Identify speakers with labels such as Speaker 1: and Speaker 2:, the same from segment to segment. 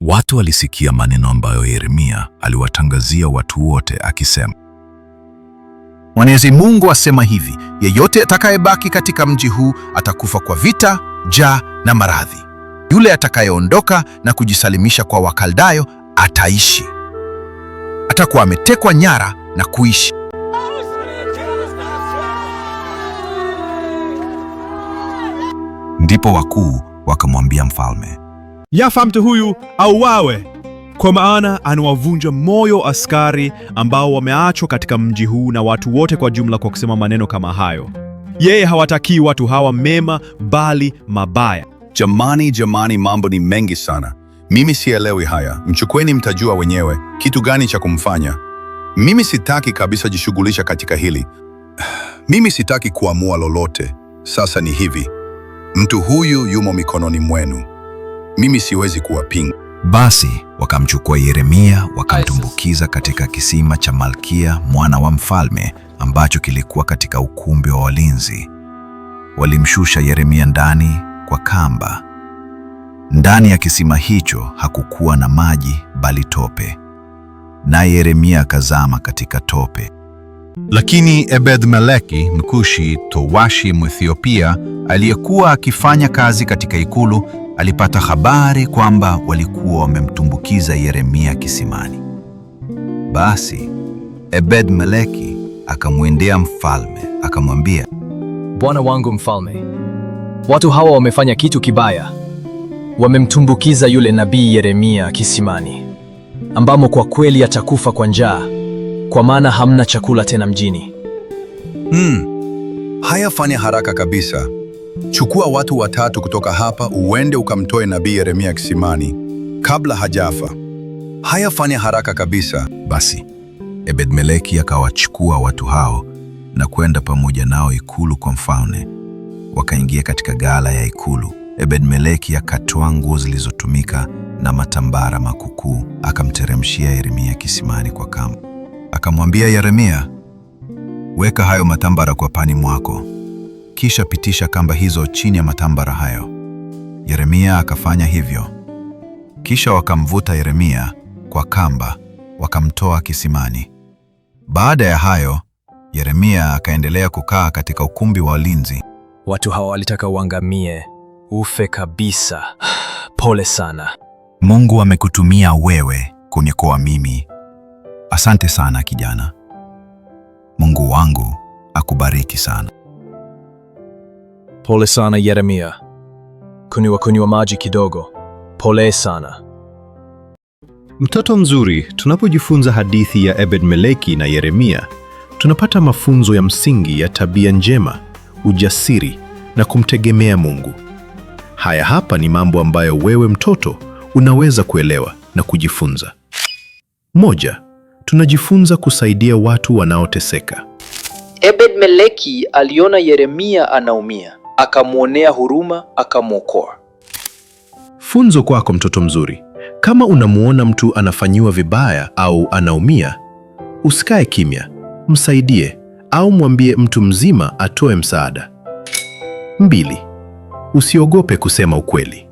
Speaker 1: Watu walisikia maneno ambayo Yeremia aliwatangazia watu wote akisema, Mwenyezi Mungu asema hivi, yeyote atakayebaki katika mji huu atakufa kwa vita, njaa na maradhi. Yule atakayeondoka na kujisalimisha kwa Wakaldayo ataishi, atakuwa ametekwa nyara na kuishi. Ndipo wakuu wakamwambia mfalme
Speaker 2: Yafa mtu huyu au wawe kwa maana anawavunja moyo askari ambao wameachwa katika mji huu na watu wote kwa jumla, kwa kusema maneno kama hayo. Yeye hawatakii watu hawa mema, bali mabaya.
Speaker 3: Jamani, jamani, mambo ni mengi sana, mimi sielewi haya. mchukweni mtajua wenyewe kitu gani cha kumfanya. Mimi sitaki kabisa jishughulisha katika hili, mimi sitaki kuamua lolote. Sasa ni hivi, mtu huyu yumo mikononi mwenu mimi siwezi kuwapinga.
Speaker 1: Basi wakamchukua Yeremia wakamtumbukiza katika kisima cha Malkia mwana wa mfalme ambacho kilikuwa katika ukumbi wa walinzi. Walimshusha Yeremia ndani kwa kamba. Ndani ya kisima hicho hakukuwa na maji bali tope, naye Yeremia akazama katika tope. Lakini Ebed-Meleki Mkushi, towashi Mwethiopia, aliyekuwa akifanya kazi katika ikulu alipata habari kwamba walikuwa wamemtumbukiza Yeremia kisimani. Basi Ebed Meleki akamwendea mfalme akamwambia,
Speaker 4: bwana wangu mfalme, watu hawa wamefanya kitu kibaya, wamemtumbukiza yule nabii Yeremia kisimani, ambamo kwa kweli atakufa kwa njaa, kwa maana hamna chakula tena mjini.
Speaker 3: Hmm, haya, fanya haraka kabisa Chukua watu watatu kutoka hapa uende ukamtoe nabii Yeremia kisimani kabla hajafa. Haya, fanya haraka kabisa.
Speaker 1: Basi Ebedmeleki akawachukua watu hao na kwenda pamoja nao ikulu kwa mfalme. Wakaingia katika gala ya ikulu. Ebedmeleki akatoa nguo zilizotumika na matambara makukuu, akamteremshia Yeremia kisimani kwa kamba. Akamwambia Yeremia, weka hayo matambara kwa pani mwako kisha pitisha kamba hizo chini ya matambara hayo. Yeremia akafanya hivyo. Kisha wakamvuta Yeremia kwa kamba, wakamtoa kisimani. Baada ya hayo, Yeremia akaendelea kukaa katika ukumbi wa walinzi.
Speaker 4: Watu hawa walitaka uangamie, ufe kabisa. Pole sana.
Speaker 1: Mungu amekutumia wewe kuniokoa mimi. Asante sana kijana. Mungu wangu akubariki sana.
Speaker 4: Pole sana Yeremia, kunywa kunywa maji kidogo. Pole sana.
Speaker 1: Mtoto mzuri, tunapojifunza hadithi ya Ebed-Meleki na Yeremia, tunapata mafunzo ya msingi ya tabia njema, ujasiri na kumtegemea Mungu. Haya hapa ni mambo ambayo wewe mtoto unaweza kuelewa na kujifunza. Moja, tunajifunza kusaidia watu wanaoteseka.
Speaker 5: Ebed-Meleki aliona Yeremia anaumia akamwonea huruma, akamwokoa.
Speaker 1: Funzo kwako mtoto mzuri, kama unamuona mtu anafanyiwa vibaya au anaumia, usikae kimya, msaidie au mwambie mtu mzima atoe msaada. Mbili, usiogope kusema ukweli.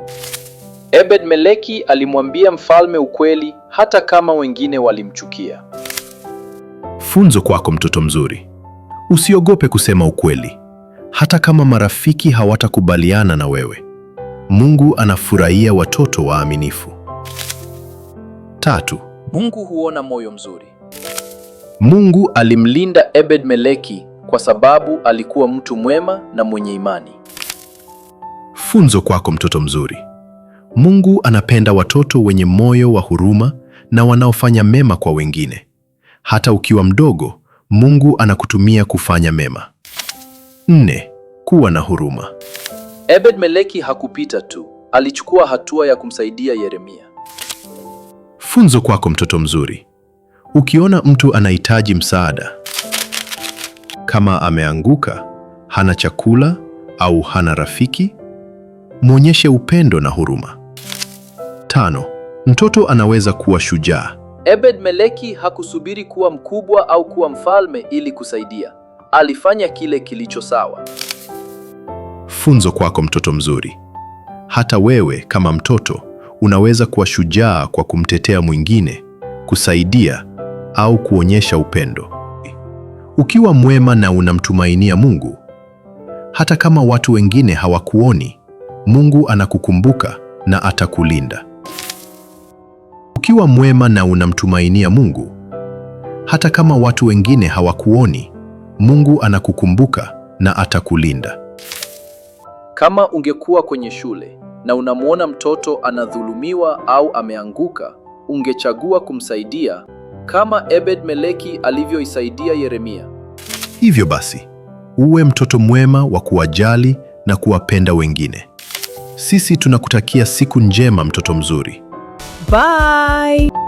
Speaker 5: Ebed Meleki alimwambia mfalme ukweli hata kama wengine walimchukia.
Speaker 1: Funzo kwako mtoto mzuri, usiogope kusema ukweli hata kama marafiki hawatakubaliana na wewe. Mungu anafurahia watoto waaminifu. Tatu,
Speaker 5: Mungu huona moyo mzuri. Mungu alimlinda Ebed-Meleki kwa sababu alikuwa mtu mwema na mwenye imani.
Speaker 1: Funzo kwako mtoto mzuri. Mungu anapenda watoto wenye moyo wa huruma na wanaofanya mema kwa wengine. Hata ukiwa mdogo, Mungu anakutumia kufanya mema. Nne, kuwa na huruma.
Speaker 5: Ebed Meleki hakupita tu, alichukua hatua ya kumsaidia Yeremia.
Speaker 1: Funzo kwako mtoto mzuri, ukiona mtu anahitaji msaada, kama ameanguka, hana chakula au hana rafiki, mwonyeshe upendo na huruma. Tano, mtoto anaweza kuwa shujaa.
Speaker 5: Ebed Meleki hakusubiri kuwa mkubwa au kuwa mfalme ili kusaidia alifanya kile kilicho sawa.
Speaker 1: Funzo kwako mtoto mzuri. Hata wewe kama mtoto unaweza kuwa shujaa kwa kumtetea mwingine, kusaidia au kuonyesha upendo. Ukiwa mwema na unamtumainia Mungu, hata kama watu wengine hawakuoni, Mungu anakukumbuka na atakulinda. Ukiwa mwema na unamtumainia Mungu, hata kama watu wengine hawakuoni, Mungu anakukumbuka na atakulinda.
Speaker 5: Kama ungekuwa kwenye shule na unamwona mtoto anadhulumiwa au ameanguka, ungechagua kumsaidia kama Ebed Meleki alivyoisaidia Yeremia.
Speaker 1: Hivyo basi, uwe mtoto mwema wa kuwajali na kuwapenda wengine. Sisi tunakutakia siku njema, mtoto mzuri.
Speaker 6: Bye.